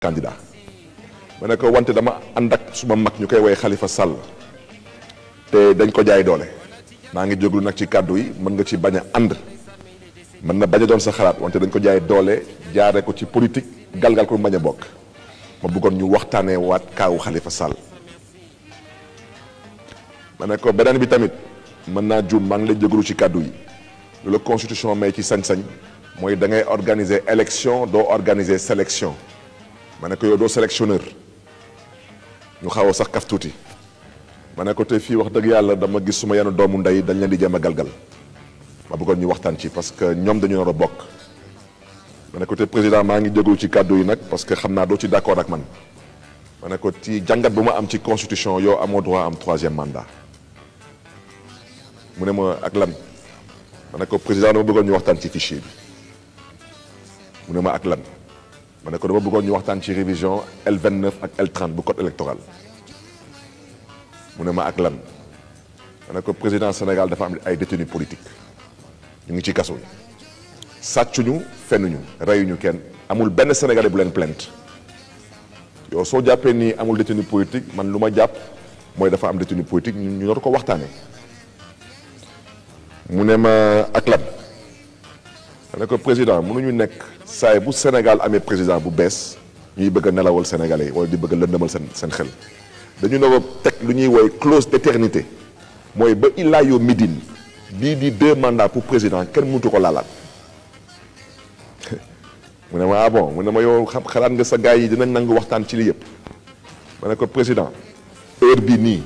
candidat ma ne ko wante dama ànd ak suma mag ñu koy woy xalifa Sall te dañ ko jaay doole maa ngi jóglu nag ci kàddu yi mën nga ci bañ a ànd mën na bañ a doon sa xalaat wante dañ ko jaay doole jaare ko ci politique galgal ko bañ a bokk ma buggoon ñu waxtaanee waat kaawu xalifa Sall ma ne beneen bi tamit mën naa juum maa ngi lay jóglu ci kàddu yi lu la constitution may ci sañ-sañ mooy da ngay organiser élection doo organiser sélection mané ko sélectionneur ñu xaw sax kaf tuuti ko de fi wax Je yalla dama gis suma doomu nday dañ leen ma ñu ci parce que ñom dañu Je suis ko président m'a ngi ci yi parce que xamna do ci d'accord ak man mané ko ci jangat buma am ci constitution yo amo droit am troisième mandat mu ne ak lan ma ko président dama bëggoon ñu waxtan ci fichier bi ak je ne ko dama bëggoon ñu waxtaan ci révision L29 ak L30 bu code électoral mu ne ak lan ko président Sénégal dafa am détenus politiques ñu ngi ci kenn amul benn Sénégalais bu leen plainte yow soo amul détenu politique man lu ma jàpp dafa am détenu politique ñu ñu ko ne ko président mënuñu nekk saay bu Sénégal amee président bu bees ñuy bëgg a nelawal Sénégalais yi wala di bëgg a lëndëmal seen seen xel dañu ne ko teg lu ñuy woy clause d'éternité mooy ba Ilayo Médine bii di deux mandats pour président kenn mëntu ko laalaat mu ne ma ah bon mu ne ma yow xam xalaat nga sa gaay yi dinañ nangu waxtaan ci li yëpp ma ne ko président heure bi nii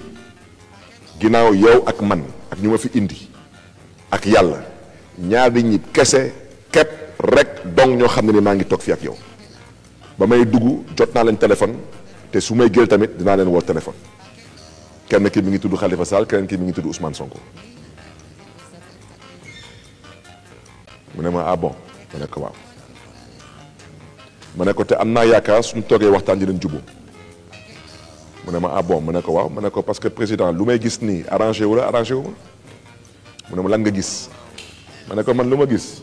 ginnaaw yow ak man ak ñu ma fi indi ak yàlla ñaari nit kese kep rek dong ñoo xamni ma ngi tok fi ak yow ba may duggu jot na leen téléphone té su may gél tamit dina leen wo téléphone kenn ki mi ngi tuddu Khalifa Sall kenn ki mi ngi tuddu Ousmane Sonko mune ma ah bon ma ko waaw ma ko té amna yaaka suñu toogee waxtaan di jubbu mune ma ah bon ko waaw ko parce que président lu may gis ni arrangé wu la arrangé wu mune ma lan nga gis mané ko man luma gis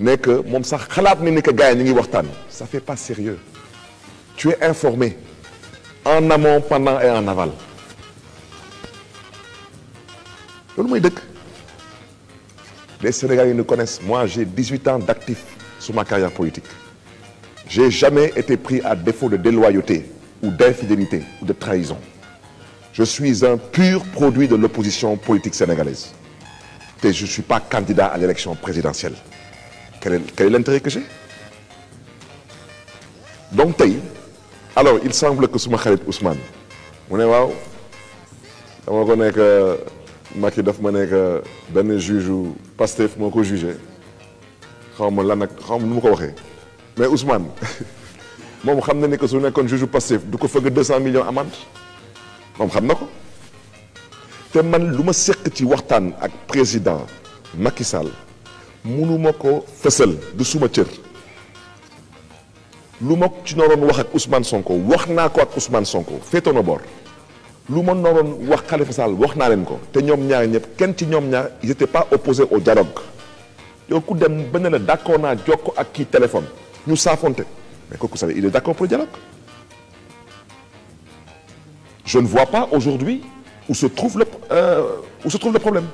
ne que mon ça fait pas sérieux tu es informé en amont pendant et en aval les Sénégalais nous connaissent moi j'ai 18 ans d'actif sur ma carrière politique j'ai jamais été pris à défaut de déloyauté ou d'infidélité ou de trahison je suis un pur produit de l'opposition politique sénégalaise et je ne suis pas candidat à l'élection présidentielle quel est l'intérêt que j'ai donc tey alors il semble que Souma Khalid Ousmane mu ne waaw dama ko que Macky daf Mané, que Ben juge Pastef moo ko jugé je ma lan nag xaw ko waxee mais Ousmane moom xam que ni que su nekkoon juge Pastef du ko 200 millions amende moom xam na ko te man lu ma seq ci waxtaan ak président Macky Sall munuma ko fësal du suma cër lu ma ci noroon wax ak Ousmane Sonko wax naa ko ak Ousmane Sonko féetoo na boor lu ma noroon wax Khalifa Sall wax naa leen ko te ñoom ñaar ñëpp kenn ci ñoom ñaar ils étaient pas opposés au dialogue yow ku dem ba ne la d'accord naa jokko ak kii téléphone ñu saafonte mais kooku sax il est d'accord pour le dialogue je ne vois pas aujourd'hui où se trouve le euh, où se trouve le problème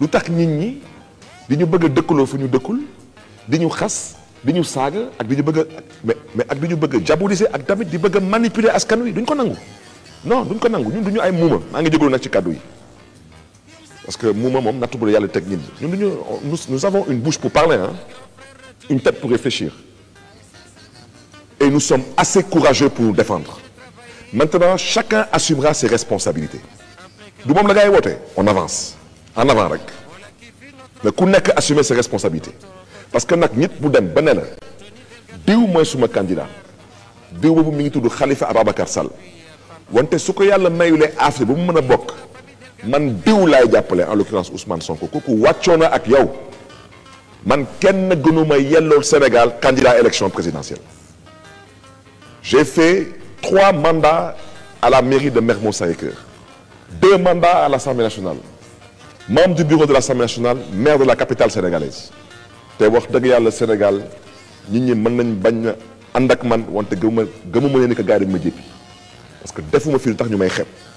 lu tax nit ñi diñu bëgg a dëkkaloo fu ñu dëkkul diñu ñu xas di ñu ak diñu bëgg mais mais ak diñu bëgg a ak tamit di bëgg manipuler askan wi duñ ko nangu non duñ ko nangu ñun du ay muuma maa ngi jégalu nag ci kàddu yi parce que muuma moom nattu bu la yàlla teg nit ñun duñu nous avons une bouche pour parler hein une tête pour réfléchir et nous sommes assez courageux pour nous défendre maintenant chacun assumera ses responsabilités du moom la ngay woote on avance en avant rek mais ku nekk assumer ses responsabilités parce que nag nit des dem ba ne la diw mooy suma candidat diw boobu mi ngi tudd Khalifa Ababacar Sall wante su ko yàlla mayulee affaire bu mu mën a bokk man diw laay jàppale en l'occurrence Ousmane Sonko kooku wàccoo na ak yow man kenn gënuma yellool Sénégal candidat élection présidentielle j'ai fait trois mandats à la mairie de Mermont deux mandats à l'Assemblée nationale membre du bureau de l'Assemblée nationale maire de la capitale sénégalaise Je wax que Sénégal nous ñi mën nañ de a ànd nous man que parce que defuma de